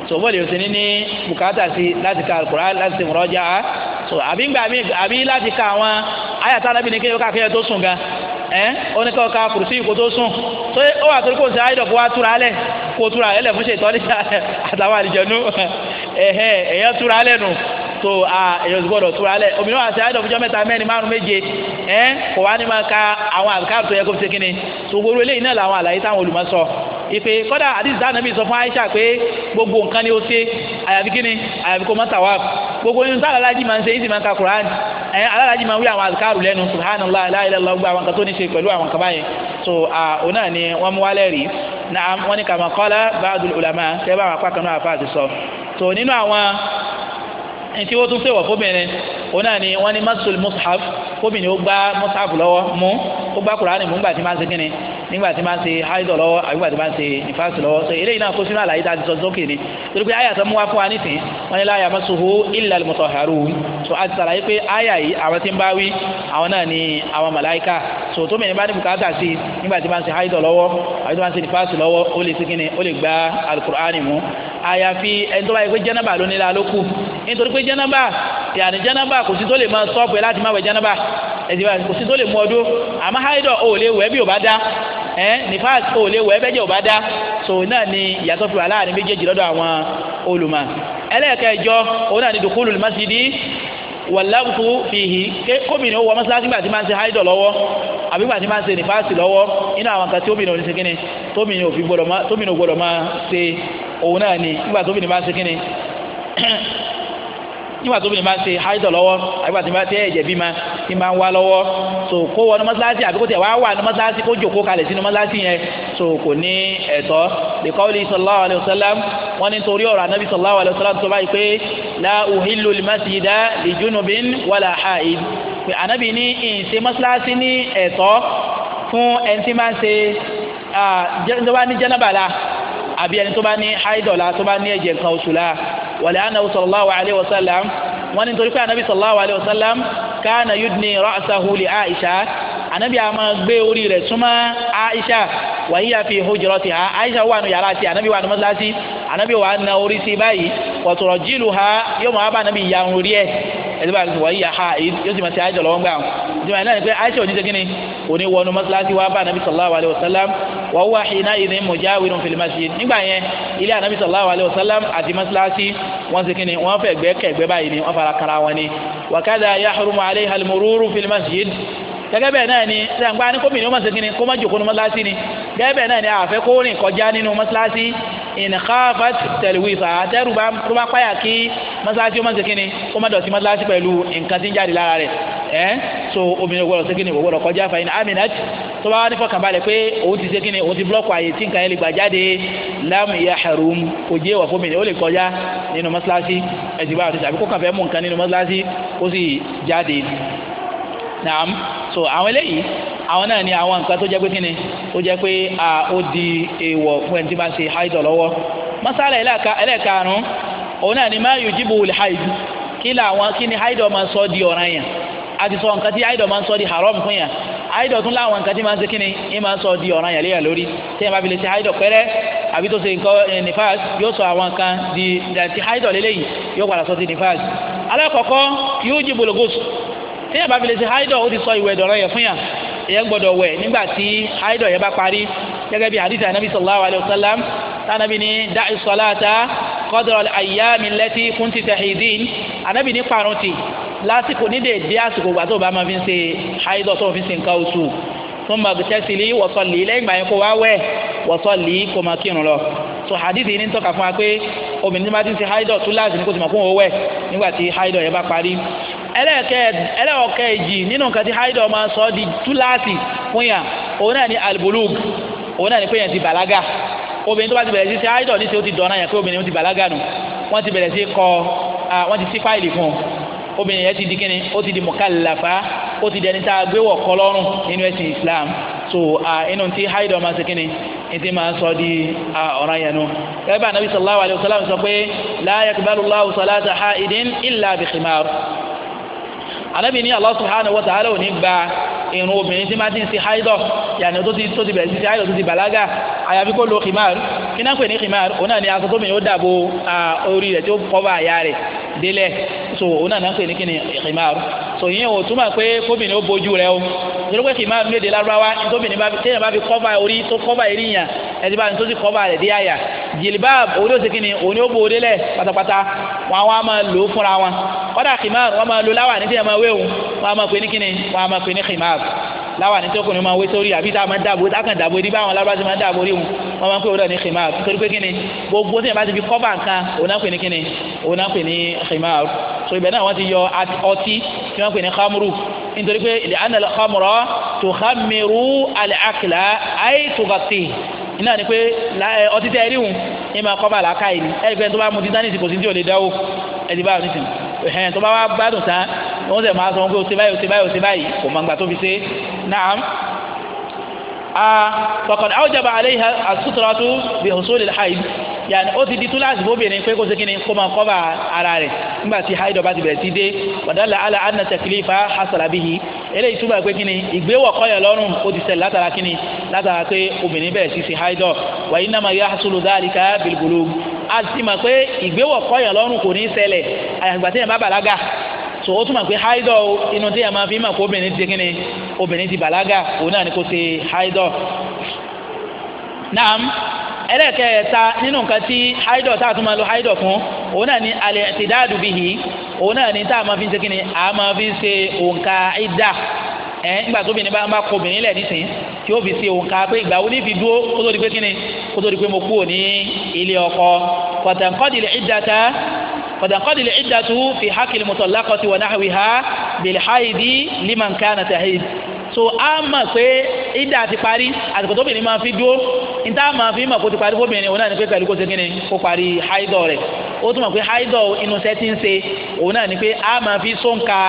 so bọ́ọ̀lù yóò ṣe ní ní bùkátà sí láti ka alukur'an láti ṣe mọ̀rọ́jà á so àbí ń gbà mí àbí láti ka àwọn ayàtà alábìíní kéèyàn káàkiri tó sùn gan ẹ ó ní ká kùrùsí ìkó tó sùn tó ó wà torí kò sí ayé dọ̀kọ̀ wá túra alẹ̀ kó túra alẹ̀ fún ṣe ìtọ́ni àtàwọn àlìjẹ̀nu ẹ̀hẹ́ èèyàn túra alẹ̀ nù so èèyàn gbọ́dọ̀ túra alẹ̀ òmìnira àti ayé dọ̀kọ̀ mẹ́ta mẹ́rin márùn méje ẹ kò wá ní máa ka àwọn àbíkárù yẹ kó fi ṣe kíni so gbogbo eléyìí náà làwọn àlàyé táwọn olùmọ̀ sọ ìpè kọ́dà àdìsí ànábì sọ fún Aisha pé gbogbo nǹkan ni ó ṣe àyàfi kíni àyàfi kó má tàwa gbogbo nínú sáà alájí máa ń ṣe ìsìn máa ń ka Quran ẹ alájí máa ń wí àwọn àzùkárù lẹ́nu subhanallah aláìlélọ́ gba àwọn nǹkan tó ní ṣe pẹ̀lú àwọn nǹkan báyẹn so òun náà ni wọ́n mú wálẹ̀ rí naam wọ́n ní kàmá kọ́lá ba'dul ulama tẹ́ bá àwọn apá kan àfa àti sọ so nínú àwọn ntí wọ́n tún ṣèwọ̀ fóbìnrin òun náà ni wọ́n ní masul mushaf fóbìnrin ó gbá mushaf lọ́wọ́ mú ó gbá Quran mú gbà tí ṣe kíni nígbà tí máa ń ṣe haidọ̀ lọ́wọ́ àbí nígbà tí ń ṣe ìfásitì lọ́wọ́ so eléyìí náà kó sínú àlàyé tá a ti sọ sókè ni torí pé àyà tó mú wá fún wa nísìn wọn ni la yamassuhu illa al-mutahharun so a ti sàlàyé pé àyà yìí àwọn tí ń bá wí àwọn náà ni àwọn màláìka so tó mìíràn bá ní bùkátà sí nígbà tí máa ń ṣe haidọ̀ lọ́wọ́ àbí tí máa ń ṣe ìfásitì lọ́wọ́ ó lè sígi ni ó lè gba alukur'ani mu àyàfi ẹni tó bá pé jẹ́nàbà ló ní la ló kù nítorí pé jẹ́nàbà yàní jẹ́nàbà kò sí tó lè máa sọ́ọ̀bù ẹ láti má wẹ̀ jẹ́nàbà ẹ̀sìn kò sí tó lè mú ọdún àmọ́ haidọ̀ ò lè wẹ̀ bí ò bá dá ẹ nífàs ò lè wẹ̀ bẹ́jẹ̀ ò bá dá so náà ni ìyàtọ̀ fi wà láàrin méjèèjì lọ́dọ̀ àwọn olùmọ̀ ẹlẹ́ẹ̀kẹjọ òun náà ni dùkúlù masidi wàlábùtù fìhì ké kómìnà ó wọ mọ́sálásí gbà tí máa ń ṣe háìdọ̀ lọ́wọ́ àbí gbà tí máa ń ṣe nífàsì lọ́wọ́ nínú àwọn nǹkan tí ómìnà ò ní ṣe kíni tómìnà ò gbọ́dọ̀ máa ṣe òun náà ni nígbà tómìnà ma ń ṣe nígbà tó bìnrin bá ń ṣe haidọ̀ lọ́wọ́ àgbà tí bá tẹ́ ẹ̀jẹ̀ bí ma ti máa ń wá lọ́wọ́ so kó wọnú mọ́sálásí àbí kó tẹ̀ wá wà ní mọ́sálásí kó jòkó kalẹ̀ sínú mọ́sálásí yẹn so kò ní ẹ̀tọ́ li qawli sallallahu alayhi wa sallam wọ́n ní torí ọ̀rọ̀ anabi sallallahu alayhi wa sallam tó báyìí pé la uhillu al-masjida li junubin wala haid pé anabi ní ìṣe mọ́sálásí ní ẹ̀tọ́ fún ẹni tí máa ń ṣe jẹ́ àbí ẹni tó bá ní haidọ̀la tó bá ní ẹ̀jẹ̀ nǹkan oṣù la wàlẹ́ àná sallallahu alayhi wa sallam wọ́n ní torí pé anabi sallallahu alayhi wa sallam kana yudni ra'sahu li aisha anabi a máa gbé orí rẹ̀ súnmọ́ aisha wàyí àfi hujratiha aisha wà nù yàrá ti anabi wà nù mọ́sálásí anabi wà nà orí sí báyìí wọ̀tọ̀rọ̀ jílu ha yóò mọ̀ wá anabi yàn orí ẹ̀ ẹ̀ ìjọba náà ni pé aisha òní segin ni òní wọnú mọ́sálásí wa bá anabi sallallahu alayhi wa sallam wa huwa hina idhin mujawirun fil masjid nígbà yẹn ilé anabi sallallahu alayhi wa sallam àti mọ́sálásí wọ́n segin ni wọ́n fẹ́ gbẹ́ kẹ́gbẹ́ báyìí ni wọ́n fara kara wọn wa kadha yahrumu alayha al-mururu fil masjid gẹ́gẹ́ bẹ́ẹ̀ náà ni sàǹgbá ni kómi ni ó má segin ni kó má jòkó ní mọ́sálásí ni gẹ́gẹ́ bẹ́ẹ̀ náà ni àfẹ́ kó rìn kọjá ìnìkàfàt tẹ̀lifíṣà àtẹ́rù bá tó bá páyà kí mọ́sálásí ó má ṣe kíni ó má dọ̀tí mọ́sálásí pẹ̀lú nǹkan tí ń jáde lára rẹ̀ ẹ́ so obìnrin ògbọ́dọ̀ ṣe kíni ògbọ́dọ̀ kọjá fàyín aminat tó bá wà ní fọkànbalẹ̀ pé òun ti ṣe kíni òun ti blọ́ọ̀kù àyè tí nǹkan yẹn lè gbà jáde lam yahrum kò jẹ́ wà fún mi ó lè kọjá nínú mọ́sálásí ẹ̀sìn báyọ̀ tẹ̀sí àbí kó kàn mú nǹkan nínú mọ́sálásí ó sì jáde naam so àwọn eléyìí àwọn náà ni àwọn nǹkan tó jẹ́ pé kíni tó jẹ́ pé ó di èèwọ̀ fún ẹni tí bá ń ṣe haidọ̀ lọ́wọ́ masala ẹlẹ́ẹ̀karùn-ún òun náà ni má yujibu wùlẹ̀ haid kí làwọn kí ni haidọ̀ máa sọ di ọ̀ràn yẹn àti sọ nǹkan tí haidọ̀ máa sọ di haram fún yẹn haidọ̀ tún láwọn nǹkan tí máa ń ṣe kíni ẹ máa sọ di ọ̀ràn yẹn léyà lórí tí ẹ bá fi lè ṣe haidọ̀ pẹ́rẹ́ àbí tó ṣe nǹkan eh, nifas yóò sọ àwọn nǹkan di dàtí haidọ̀ lélẹ́yìí yóò padà sọ ti nifas alákọ̀ọ́kọ́ yujibu lughusul tí yàrá bá fi lè ṣe haidọ̀ ó ti sọ ìwẹ̀ dọ̀rọ̀ yẹn fún yà èyàn gbọ́dọ̀ wẹ̀ nígbà tí haidọ̀ yẹn bá parí gẹ́gẹ́ bí hadith anabi sallallahu alayhi wa sallam tanabi ni da'i salata qadra al-ayyami allati kunti tahidin anabi ni parun ti lásìkò ní dèédé àsìkò gbà tó o bá máa fi ń ṣe haidọ̀ tó o fi ń ṣe nǹkan oṣù fún magtẹ́sílì wa salli lẹ́yìn ìgbà yẹn kó wá wẹ̀ wa salli kó máa kírun lọ so hadith yìí ní tọ́ka fún wa pé obìnrin tí wọ́n ti ń ṣe haidọ̀ tún láti ẹlẹ́ọ̀kẹ́ẹ̀jì nínú nǹkan tí haidọ̀ máa sọ di túláàsì fún yàn òun náà ni albulug òun náà ni pé yẹn ti bàlágà obìnrin tó bá ti bẹ̀rẹ̀ sí ṣe haidọ̀ ní ṣe ó ti dọ̀nà yẹn pé obìnrin ti bàlágà nù wọ́n ti bẹ̀rẹ̀ sí kọ wọ́n ti sí fáìlì fún un obìnrin yẹn ti di kíni ó ti di mùkàlàfà ó ti dẹni tá a gbé wọ̀ kọ́ lọ́rùn nínú ẹ̀sìn Islam so inú ti haidọ̀ máa ṣe kíni ìdí máa sọ di ọ̀ràn yẹn nu. gẹ́gẹ́ bá anabi sallallahu alayhi wa sọ pé la yakbalu Allahu salata haidin illa bi alábì ní Allah subhanahu wa ta'ala ò ní gba irun obìnrin tí má ti ń ṣe haidọ̀ yàtọ̀ tó ti bẹ̀rẹ̀ sí haidọ̀ tó ti bàlágà àyàfi kó lo khimar kí náà pè ní khimar òun náà ni aṣọ tóbi yóò dàbò orí rẹ̀ tí ó kọ́ba àyà rẹ̀ délẹ̀ so òun náà pè ní kíni khimar so ìyẹn ò túmọ̀ pé kóbìnrin ó bojú rẹ̀ o nítorí pé khimar léde lárúbáwá tóbìnrin bá fi téèyàn bá fi kọ́ba orí tó kọ́ba eré yàn ẹtí bá ní tó ti kọ́ba rẹ̀ dé àyà jilbab òun yóò ṣe kíni òun yóò bo délẹ̀ pátápátá wọn àwọn máa lò ó fúnra wọn kọ́dà khimar wọn máa lo láwà ní láwàní tó kùnú máa wé sórí àbí tá a máa dàbò tá a kàn dàbò ní báwọn alábá ti máa dàbò rí wọn wọn máa ń pè wọn ní khimar torí pé kíni gbogbo tí yẹn bá ti fi kọ́bà nǹkan òun náà pè ní kíni òun náà pè ní khimar so ibẹ̀ náà wọ́n ti yọ ọtí tí wọ́n pè ní khamru nítorí pé ilẹ̀ anna al-khamra tukhamiru al-akla ay tughatti iná ni pé ọtí tẹ́ ẹ rí wọn ní máa kọ́bà làákàyè ni ẹ̀ pé tó bá mu ti dání ti kò sí ní tí ò lè dáwó ẹ̀ ti bá wọn nísìnyí ẹ̀hẹ́n tó نعم آه فقد أوجب عليها السترة بحصول الحيض yàni ó ti di túláàsì fóbìnrin pé kó ṣe kíni kó máa kọ́ba ara rẹ̀ nígbà tí haidọ̀ bá ti bẹ̀rẹ̀ sí dé wàdàlà àlà àdínà tẹ̀kìlífà hasalabihi eléyìí túbọ̀ pé kíni ìgbéwọ̀ kọ́yọ̀ lọ́rùn ó ti ṣẹlẹ̀ látara kíni látara pé obìnrin bẹ̀rẹ̀ sí ṣe haidọ̀ wàyí náà máa yá hasulu dáríkà bilbulu a ti mọ̀ pé ìgbéwọ̀ kọ́yọ̀ lọ́rùn kò ní ṣẹlẹ̀ àyàgbà tí yẹn bá bàlágà so ó túmọ̀ pé haidọ̀ inú tí a máa fi mọ̀ pé obìnrin ti kíni obìnrin ti bàlágà òun náà ni kò ṣe haidọ̀ naam ẹlẹ́kẹ̀ẹ́ta nínú nǹkan tí haidọ̀ tá a tún máa lo haidọ̀ fún òun náà ni al-i'tidadu bihi òun náà ni tá a máa fi ṣe kíni a máa fi ṣe òǹkà ìdá ẹ nígbà tó obìnrin bá ń bá kọ obìnrin lẹ̀ nísìn tí ó fi ṣe òǹkà pé ìgbà wo ní fi dúró kó di pé kíni kó di pé mo kúrò ní ilé ọkọ fọ̀tàǹkọ́dìlẹ̀ ìdàta fàdàkọ́dì lè ìdá tó fi hákìlì mutallaqati wa nahwiha bilhaidi liman kana tahid so a mọ̀ pé ìdá ti parí àsìkò tóbìnrin máa fi dúró níta máa fi mọ̀ kó ti parí fóbìnrin òun náà ní pé pẹ̀lú kó ṣe kíni kó parí haidọ̀ rẹ̀ ó tún mọ̀ pé haidọ̀ inú sẹ́ ti ń ṣe òun náà ní pé a máa fi sóǹka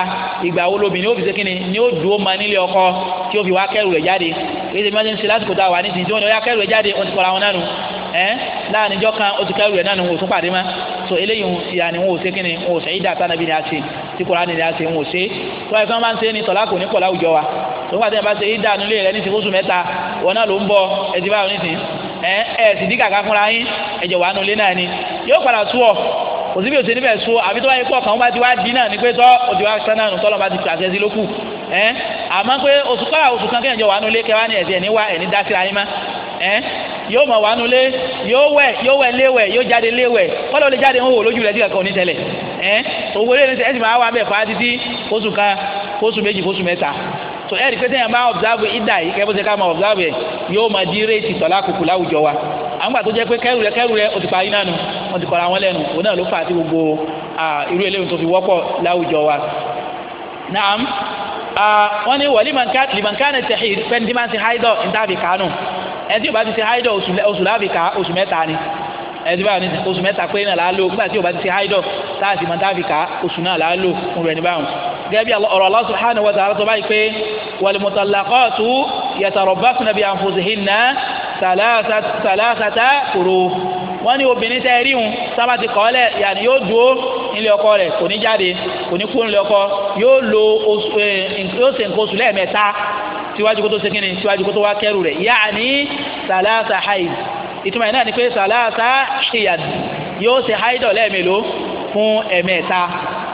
ìgbà wo lóbìnrin ó fi ṣe kíni ni ó dúró máa nílé ọkọ tí ó fi wá kẹ́rù rẹ̀ jáde èyí ti máa ń ṣe lásìkò tá a wà ní ti tí wọ́n ní ó yá kẹ́rù rẹ̀ jáde ó ti kọ́ra wọn nánu ẹ́ láàrin ìjọ kan ó ti kẹ́rù rẹ̀ nánu òtún pàdé mọ́ so eléyìí yanni wọn ò ṣe kí ni wọn ò ṣe ìdá sanabi ni a ṣe tí Kùránì ni a ṣe wọn ò ṣe tó wáyé kí wọn ń ṣe ni tọ́lá kò ní kọ̀ láwùjọ wa tó wáyé tí wọn bá ṣe ìdá nílé rẹ ní sìnkúsù mẹ́ta wọn náà ló ń bọ ẹtì báyọ̀ nísìn ẹ ẹ sì dí kàkà fúnra yín ẹ̀jẹ̀ wà nulẹ̀ náà ni yóò padà sú ọ kò síbi òsè níbẹ̀ sú àbí tó wáyé pọ̀ kàn wọ́n bá ti wá dín náà ni pé tọ́ òtí wá sánà nù tọ́lọ́ ti pàṣẹ sí lókù ẹ àmọ́ pé oṣù kọ́ra oṣù kan kéèyàn jọ wà nulẹ̀ kẹwàá ni ẹ̀sìn ẹ̀ ní wá ẹ̀ ní dá yín má ẹ yóò mọ̀ wánú lé yóò wẹ̀ yóò wẹ̀ léwẹ̀ yóò jáde léwẹ̀ kọ́lọ́ lè jáde ń wò lójú rẹ̀ díẹ̀ kan ní tẹ́lẹ̀ ẹ̀ owó lè ní ẹ̀sìn máa wà bẹ̀ fà títí kóṣù kan kóṣù méjì kóṣù mẹ́ta so ẹ̀rí pé téèyàn bá observe ìdá yìí kẹ́ bó ṣe ká máa observe ẹ̀ yóò máa di réètì tọ́lá kùkù láwùjọ wa àwọn gbà tó jẹ́ pé kẹ́rù rẹ kẹ́rù rẹ o ti parí náà nu wọ́n ti kọ́ra wọn lẹ́nu òun náà ló fà á sí gbogbo irú eléyìí tó fi wọ́pọ̀ láwùjọ wa. naam wọ́n ní wọ́n liman kana tẹ̀hìd pẹ́ntì máa ń ti kánú ẹni tí o bá ti ṣe haidọ oṣù láfíkà oṣù mẹ́ta ni ẹni tí o bá ní oṣù mẹ́ta pé náà láá lò nígbà tí o bá ti ṣe haidọ láti mọ táfíkà oṣù náà láá fún rẹ níbàwọn. gẹ́gẹ́ bí ọ̀rọ̀ Allah subhanahu wa ta'ala tó báyìí pé wal mutallaqatu yatarabbasna bi anfusihinna thalathata quru wọ́n ní obìnrin tẹ́ rí wọn sábà ti kọ́ lẹ̀ yàní yóò dúró nílé ọkọ rẹ̀ kò ní jáde kò ní kú nílé ọkọ yóò lo oṣù eh, yóò ṣe oṣù lẹ́ẹ̀mẹ́ta síwájú kó tó ṣe kí ni síwájú kó tó wá kẹrù rẹ̀ yaani salasa haid ìtumọ̀ yìí náà ni pé salasa hiyad yóò ṣe haidọ̀ lẹ́ẹ̀mélòó fún ẹ̀mẹ́ta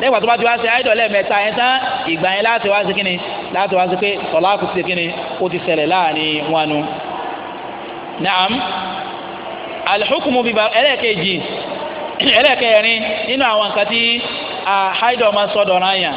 lẹ́gbàá tó bá ti wá ṣe haidọ̀ lẹ́ẹ̀mẹ́ta yẹn tán ìgbà yẹn láti wá ṣe kí ni láti wá ṣe pé sọlá kò ti ti ṣẹlẹ̀ láàrin wọn naam alihukumu bíbá ẹlẹ́ẹ̀kejì ẹlẹ́ẹ̀kẹrin nínú àwọn nǹkan tí haidọ̀ máa sọ̀dọ̀ náà yàn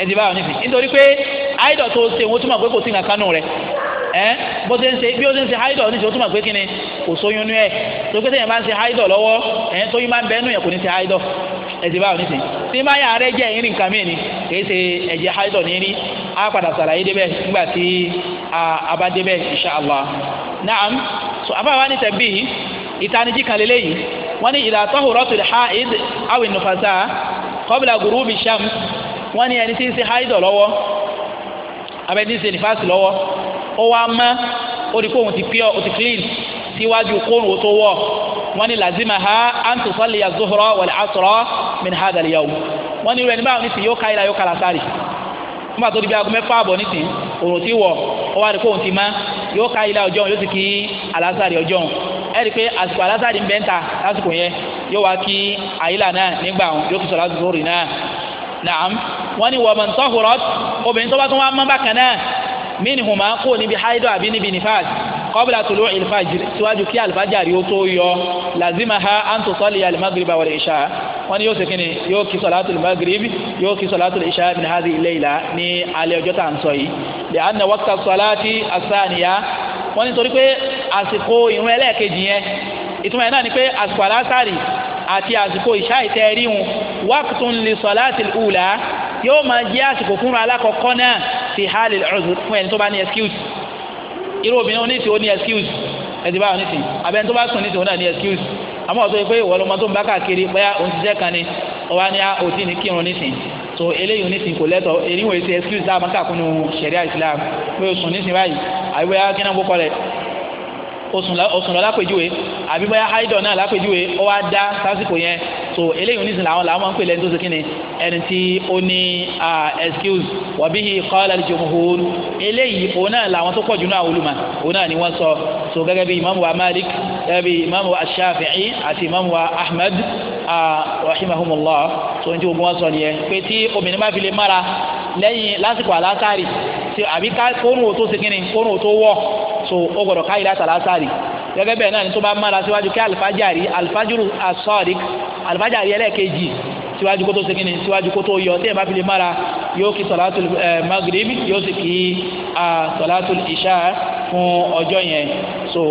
ẹ̀dì báwọn nífi nítorí pé áìdọ̀ tó ṣe wọ́n túmọ̀ pé kò sí nǹkan kánú rẹ̀ ẹ́ bó ṣe ń ṣe bí ó ṣe ń ṣe áìdọ̀ níṣẹ́ ó túmọ̀ pé kíni kò sóyún nú ẹ̀ tó pé sẹ́yìn bá ń ṣe áìdọ̀ lọ́wọ́ ẹ̀ tó máa ń bẹ́ẹ̀ nù yẹn kò ní ṣe áìdọ̀ nífi tí má yà jẹ́ ìrìn mìíní kìí ṣe ẹ̀jẹ̀ áìdọ̀ ní rí a bá débẹ̀ insha ubi wọ́n ní ẹni tí ń ṣe haidọ̀ lọ́wọ́ abẹ́ni tí ń ṣe nífàsì lọ́wọ́ ó wá mọ́ ó di kóhun ti pure ó ti clean síwájú kóhun ó tó wọ̀ wọ́n ní lazima ha antu sọ́lì azuhurọ́ wàlẹ̀ asọ̀rọ̀ min ha dàlẹ́ yàwó wọ́n ní rẹ̀ nígbà wọn ní sìn yóò ká ilà yóò kàlà sáré nígbà tó di bí aago mẹ́fà àbọ̀ ní sìn òrùn ti wọ̀ ó wá di kóhun ti mọ́ yóò ká ilà ọjọ́ yóò ti kí alásàrè ọjọ́ ẹ rí i pé àsìkò alásàrè ń bẹ́ńtà lásìkò yẹn yóò wá kí àyílà náà nígbà yóò tún sọ lásìkò rìn náà naam wọ́n ní wọ́n mọ̀ntọ́ hùrọ́t obìnrin tó bá tún wá mọ́ bákan náà mínìhùmá kò níbi haidu àbí níbi nifas kọ́bílà tulu ìlfàjìrì síwájú kí àlùfájàrí ó tó yọ làzima ha à ń tó sọ́ọ̀lì àlùmágírìbà wal ìṣá wọ́n ní yóò ṣe kíni yóò kí sọ̀látù àlùmágírìbì yóò kí sọ̀látù ìṣá min hadhihi al-layla ní alẹ́ ọjọ́ tá à ń sọ yìí lè à ń na waqta sọ̀láti àsáàníyá wọ́n ní torí pé àsìkò ìrun ẹlẹ́ẹ̀kejì yẹn ìtumọ̀ yẹn náà ni pé àsìkò àlásàrì àti àsìkò ìṣá ìtẹ́ríhun wákùtún lè sọ̀láàtì ùlà yóò máa jẹ́ àsìkò fúnra alákọ̀ọ́kọ́ náà fi hálì ọ̀dùn fún ẹni tó bá ní excuse irú obìnrin oníṣì ó ní excuse ẹ̀dí báwọn oníṣì abẹ́ni tó bá sùn níṣì ó náà ní excuse àmọ́ ọ̀tọ́ yìí pé ìwọ lọmọ tó ń bá káàkiri bóyá òun ti jẹ́ kan ni ọba ní òtí ah, ní kírun níṣì so eléyìí oníṣì kò lẹ́tọ̀ èyí wòye ṣe excuse dáàbọ̀ káàkùnú ṣẹ̀ríà Islam pé o sùn níṣì báyìí àbí kí náà gbókọ̀ rẹ̀ oṣù lọ lápèjúwe àbí bóyá haidọ̀ náà lápèjúwe ó wá dá sásìkò yẹn so eléyìí oníṣìí làwọn làwọn máa ń pè lẹ́ni tó ṣe ẹni tí ó ní excuse wàbí qala al-jumhur eléyìí òun náà làwọn tó pọ̀ jù náà olùmọ̀ òun náà ni wọ́n sọ so gẹ́gẹ́ bí Imam wa malik gẹ́gẹ́ bí imaamu wa shafi'i àti Imam wa ahmed rahimahumullah so n tí ogun wọn sọ nìyẹn pé tí obìnrin bá fi lè mára lẹ́yìn lásìkò àlásàrì àbí kórùn tó ṣe kíni kórùn tó wọ̀ so ó gbọ́dọ̀ ká ìlà tàlásàrì gẹ́gẹ́ bẹ́ẹ̀ náà ni tó bá mára síwájú kí alifájàrí alifájúrù asọ́ọ̀dì alifájàrí ẹlẹ́ẹ̀kejì síwájú kótó segin ni síwájú kótó yọ tí ẹ bá fi lè mára yóò kí sọ̀látù magrib yóò sì kí sọ̀látù ìṣá fún ọjọ́ yẹn so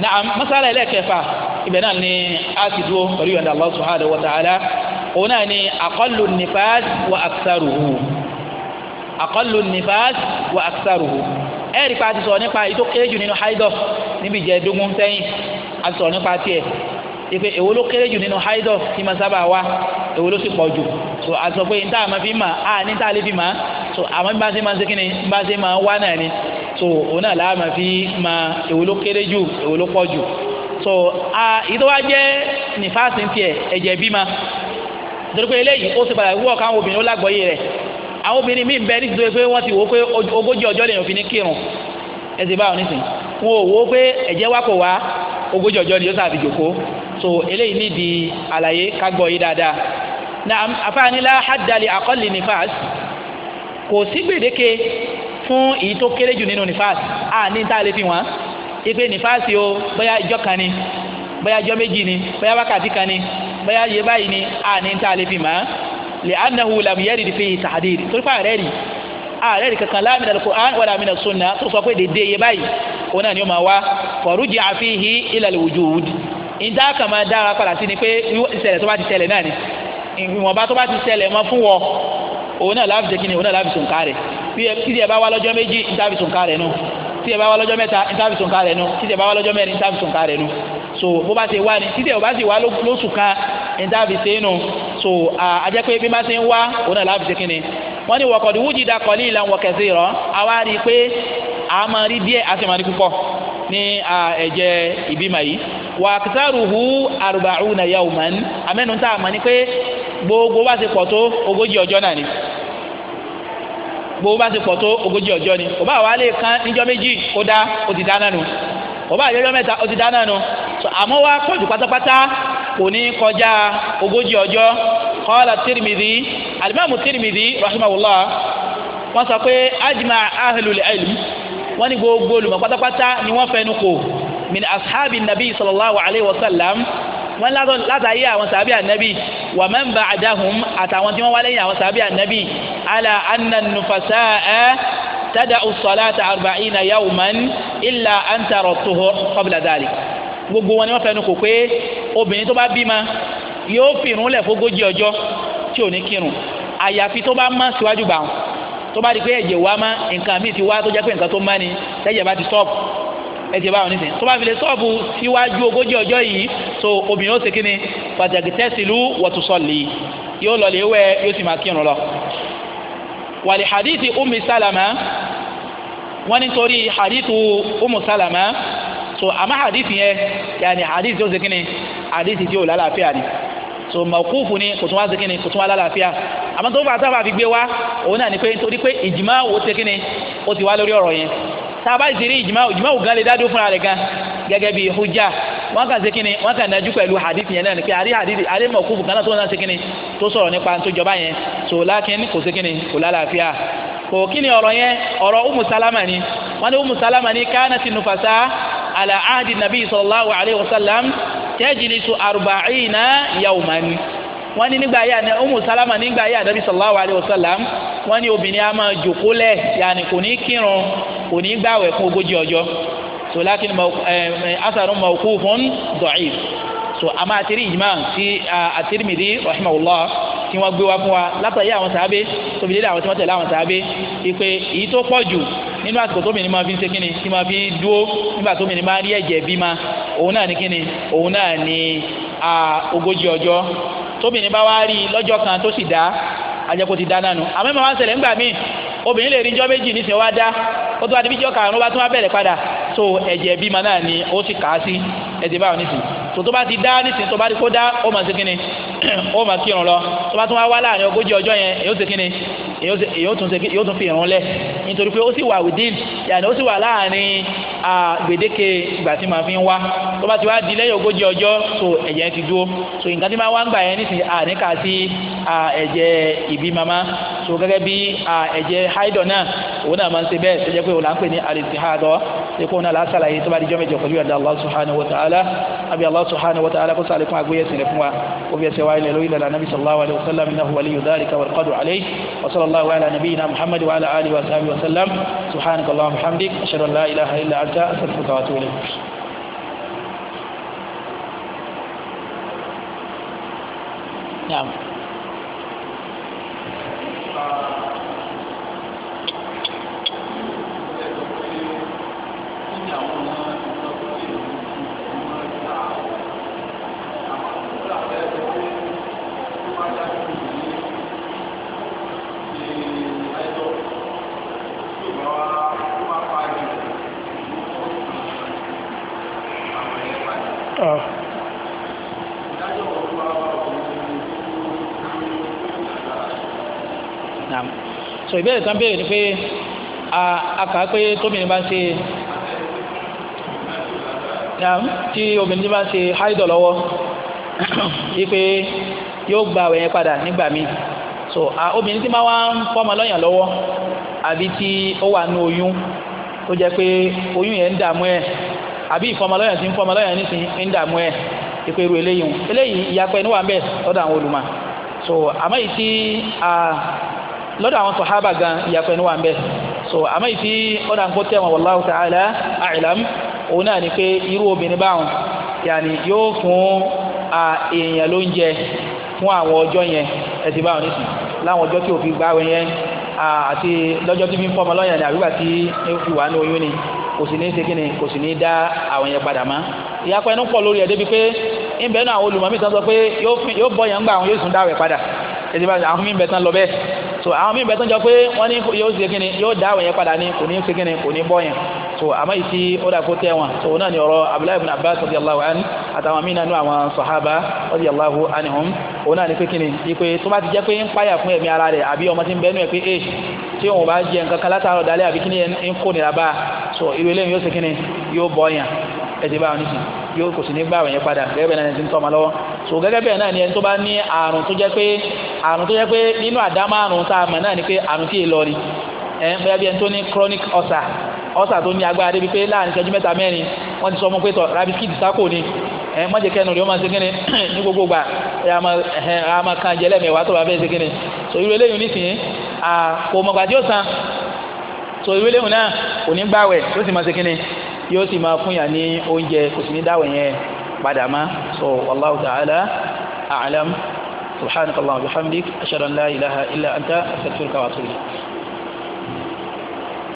na masala ẹlẹ́ẹ̀kẹfà ibẹ̀ náà ni a ti dúró pẹ̀lú yọ̀ǹda Allah subhanahu wa ta'ala òun náà ni aqallu nifas wa aktharuhu aqallu nifas wa aktharuhu ẹ̀rí pa ti sọ̀rọ̀ nípa èyí tó kéré jù nínú haidọ̀ níbi ìjẹ́dógún sẹ́yìn a ti sọ̀rọ̀ nípa tiẹ̀ ipe èwo ló kéré jù nínú haidọ̀ tí ma sábà wá èwo ló sì pọ̀ jù so a sọ pé níta àmọ́ fi mà á ní níta lè fi mà á so àmọ́ bí bá ṣe máa ṣe kí ni bí bá ṣe máa wá so òun náà láà fi mà èwo ló kéré jù èwo ló pọ̀ jù so a ìtọ́ wa jẹ́ nífàsì tiẹ̀ ẹ̀jẹ̀ bímọ torí pé eléyìí ó ti padà wúwọ̀ káwọn obìnrin ó lágbọ́yé àwọn obìnrin míì bẹ nítorí pé wọ́n ti wò ó pé ogójì ọjọ́ lèèyàn fi ní kírun ẹsẹ̀ báwọn nísìn wọn ò wò ó pé ẹ̀jẹ̀ wá kò wá ogójì ọjọ́ ni yóò sàbí jòkó so eléyìí nídìí àlàyé kágbọ́ yìí dáadáa na afáàníla hadali akọ́lì nifas kò sí gbèdéke fún èyí tó kéré jù nínú nifas a ní tá a lè fi wọ́n ipe nifas o bóyá ìjọ kan ni bóyá ìjọ méjì ni bóyá wákàtí kan ni bóyá iye báyìí ni a ní tá a lè fi mọ́ li'annahu lam yarid fihi tahdid torí pé ààrẹ rí ààrẹ rí kankan la min al-Qur'an wala min as-sunnah tó sọ pé dédé yẹ báyìí òun náà ni ó máa wá faruji'a fihi ila al-wujud ìdá kan máa dára padà sí ni pé ìṣẹ̀lẹ̀ tó bá ti ṣẹlẹ̀ náà ni ìwọ̀nba tó bá ti ṣẹlẹ̀ mọ́ fún wọ òun náà láàbì jẹ́kínni òun náà láàbì sùn kárẹ̀ tí ẹ bá wá lọ́jọ́ méjì ìtàbí sùn kárẹ̀ nù tí ẹ bá wá lọ́jọ́ mẹ́ta ìtàbí sùn kárẹ̀ nù tí ẹ bá wá lọ́jọ́ mẹ́rin ìtàbí sùn kárẹ̀ nù so bó bá ti wá ni títẹ̀ ò bá sì wá lóṣù kan ìtàbí sẹ́nu so a pé bí má ń wá òun náà láàbù ni wọ́n ní wọ̀kọ̀dù wújìdá kọ̀lí ìlànà wọ̀kẹ̀sí rọ̀ àwa a máa rí díẹ̀ a sì máa rí púpọ̀ ní ẹ̀jẹ̀ ìbímọ yìí wà kìtàrùhù amẹ́nu tá a mọ̀ ni pé gbogbo bá ti pọ̀ tó ogójì ọjọ́ gbogbo bá ti pọ̀ tó ogójì ni kò bá wà á lè kán níjọ́ méjì ó dá ó ti dáná nu bá kò ní kọjá ogójì ọjọ́ kọ́lá tirimidi alimami tirimidi rahimahullah wọ́n sọ pé ajma ahlul ilm wọ́n ní gbogbo olùmọ̀ pátápátá ni wọ́n fẹnu kò min ashabi nabi sallallahu alayhi wa sallam wọ́n látàyé àwọn sàbí ànábì wà man ba'dahum àtàwọn tí wọ́n wá lẹ́yìn àwọn sàbí ànábì ala anna nufasa'a tada'u salata arba'ina yawman illa an tara tuhur qabla dhalik gbogbo wọn ni wọ́n fẹnu kò pé obìnrin tó bá bímọ yóò fìrún lẹ̀ fógójì ọjọ́ tí ò ní kírun àyàfi tó bá mọ́ síwájú gbà wọn tó bá di pé ẹ̀jẹ̀ wa má nǹkan míì ti wá tó jẹ́ pé nǹkan tó má ni tẹ́jẹ̀ bá ti sọ́ọ̀pù ẹ̀jẹ̀ bá wọn nísìn tó bá fi lè sọ́ọ̀pù síwájú ogójì ọjọ́ yìí so obìnrin ó ṣe kíni pàtàkì tẹ́sílú wọ̀túnṣọ́lì yóò lọ lè yóò sì máa kírun lọ. wàlẹ̀ hadithi umu salama wọ́n nítorí hadithu umu salama so àmọ́ hadith yẹn yàní hadith tó ṣe kí ni hadith tí ò ni so mọ̀kúfù ni kò tún wá ṣe kí ni kò tún wá lálàáfíà tó bá sábà gbé wá òun náà ni pé nítorí pé ìjìmá wo ṣe kí ni ó ti wá lórí ọ̀rọ̀ yẹn tá a bá ti rí ìjìmá ìjìmá ò gan lè dádó fúnra rẹ̀ gan gẹ́gẹ́ bí hujja wọ́n kàn ṣe kí ni wọ́n kàn dájú pẹ̀lú hadith ni pé àrí hadith àrí mọ̀kúfù kan tó náà ṣe ni tó sọ̀rọ̀ nípa tó jọba yẹn so lákin kò ṣe kí ni kò lálàáfíà kò kí ni ọ̀rọ̀ yẹn ọ̀rọ̀ umu salama ni wọ́n ní umu salama ni kánà ti nufasa على عهد النبي صلى الله عليه وسلم تجلس أربعين يوما wọ́n ní nígbà yà ni umu salama nígbà yà nabi sallallahu alayhi wa sallam wọ́n ní obìnrin a máa jòkó lẹ̀ yàní kò ní kírun kò ní gbàwẹ̀ fún ogójì ọjọ́ so lakin asarun eh, eh, mawqufun da'if so a máa tiri ìjìmá ti at-Tirmidhi rahimahullah tí wọ́n gbé wá fún wa látàrí àwọn sàábé tóbi délé àwọn tí ìpè èyí tó pọ̀ jù nínú àsìkò tó mìíràn máa fi ń ṣe kíni tí máa fi dúró nígbà tó mìíràn máa rí ẹ̀jẹ̀ bí ma òun náà ní kíni òun náà ní ogójì ọjọ́ tóbìnrin bá wá rí lọ́jọ́ kan tó sì dá ajẹ́kó ti dá nánu àmọ́ ìmọ̀ wá ń ṣẹlẹ̀ ńgbà míì obìnrin lè rí ijọ́ méjì nísìnyí wá dá ó tó wá di bíjọ́ karùn-ún bá tún wá bẹ̀rẹ̀ padà so ẹ̀jẹ̀ bímọ náà ni ó sì kà á sí ẹ̀jẹ̀ báwọn nísìnyí so tó bá ti dá nísìnyí tó bá ti kó dá ó mà ṣe kínni ó mà kírun lọ tó bá tún wá wá láàrin ogójì ọjọ́ yẹn èyí ó ṣe kínni yóò tún fi ìrún lẹ̀ nítorí pé ó sì wà within yàtọ̀ ó sì wà láàrin gbèdéke ìgbà tí màá fi ń wá tó bá ti wá di lẹ́yìn ogójì ọjọ́ so ẹ̀jẹ̀ ti dúró so nǹkan tí máa wá ń gbà yẹn nísìnyí àníkà sí ẹ̀jẹ̀ ìbí mama so gẹ́gẹ́ bí ẹ̀jẹ̀ haidọ̀ náà òun náà máa ń ṣe bẹ́ẹ̀ tó jẹ́ pé òun là ń pè ní alìsíhádọ́ seko na lasala yi tabari jọnmi jọ pẹ̀lú yada allah subhanahu wa ta'ala الله وعلى نبينا محمد وعلى آله وصحبه وسلم سبحانك اللهم وبحمدك أشهد أن لا إله إلا أنت أستغفرك وأتوب إليك نعم sọ ìbéèrè tán béèrè ni pé àkà pé tómìnir bá ń ṣe tí obìnrin bá ń ṣe háìdọ̀ lọ́wọ́ wípé yóò gba àwẹ̀ yẹn padà nígbà míì so obìnrin tí máa wá ń fọ́mọ lọ́yàn lọ́wọ́ àbí tí ó wà nú oyún tó jẹ́ pé oyún yẹn ń dààmú ẹ̀ àbí ìfọmọlọ́yàn tí ń fọmọlọ́yàn nísìnyí ń dààmú ẹ̀ ìpè irú eléyìí eléyìí ìyapẹ́ inú wa ń bẹ lọ́dọ̀ àwọn olùmọ̀ so àmọ́ yìí tí lọ́dọ̀ àwọn sọ̀hábà gan ìyàpẹ̀ níwà ń bẹ̀ so àmọ́ ìfi ọ̀dà ń kó tẹ̀wọ̀n wallahu ta'ala a'lam òun náà ni pé irú obìnrin báwọn yàní yóò fún èèyàn lóúnjẹ fún àwọn ọjọ́ yẹn ẹtì báwọn nìsín láwọn ọjọ́ tí ò fi gbáwẹ̀ yẹn àti lọ́jọ́ tí fi ń fọmọ lọ́yàn ni àbígbà tí ó fi wà ní oyún ni kò sì ní í ṣe kí ni kò sì ní í dá àwọn yẹn padà mọ́ ìyapa ẹnu pọ̀ lórí ẹ̀ pé ń bẹ́ẹ̀ náà àwọn olùmọ̀mí tán sọ pé yóò bọ̀ yẹn ń gbà àwọn yóò sùn dáwẹ̀ padà ẹtì àwọn mí bẹ̀ tán lọ bẹ́ẹ̀ so àwọn míì bẹ́ẹ̀ tó ń jọ pé wọ́n ní yóò ṣe kíni yóò dá àwọn yẹn padà ní kò ní ṣe kíni kò ní bọ́ yẹn so àmọ́ ìsí ó dà kó tẹ́ wọn so náà ni ọ̀rọ̀ abdullahi ibn abbas radiyallahu anhu àtàwọn míì náà àwọn sahaba radiyallahu anhum òun náà ni pé kíni ipe tó bá ti jẹ́ pé ń páyà fún ẹ̀mí ara rẹ̀ àbí ọmọ tí ń bẹ́nu ẹ̀ pé e tí òun bá jẹ nǹkan kan látàárọ̀ dálẹ́ àbí kíni ń kó nira bá so irú yóò ṣe kíni yóò bọ́ yẹn ẹ̀ yóò kò sí ní bá àwẹ̀yẹn padà gẹ́gẹ́ bẹ́ẹ̀ náà ẹni tí ń tọ́ ọmọ lọ́wọ́ so gẹ́gẹ́ bẹ́ẹ̀ náà ni ẹni tó bá ní àrùn tó jẹ́ pé àrùn tó jẹ́ pé nínú àdámọ́ àrùn tá a mọ̀ náà ni pé àrùn tí ì lọ ni ẹ ń bẹ́ẹ̀ bí ẹni tó ní chronic ulcer ulcer tó ní agbára débi pé láàrin ìṣẹ́jú mẹ́ta mẹ́rin wọ́n ti sọ ọmọ pé tọ̀ rabiskid sako ni ẹ má jẹ́ kẹ́nu rẹ̀ ó máa ṣe kíni ní gbogbo gbà ẹ a máa kan jẹ lẹ́mẹ̀wá tó bá fẹ́ ṣe kíni so irú eléyìí nísìnyí kò mọ̀gbà tí ó san so irú eléyìí náà kò ní gbàwẹ̀ ó sì máa ṣe kíni yóò sì máa fún yà ní oúnjẹ kò sì ní dáwọ̀ yẹn padà má so wallahu ta'ala a'lam subhanakallahumma wa bihamdik ashhadu an la ilaha illa anta astaghfiruka wa atubu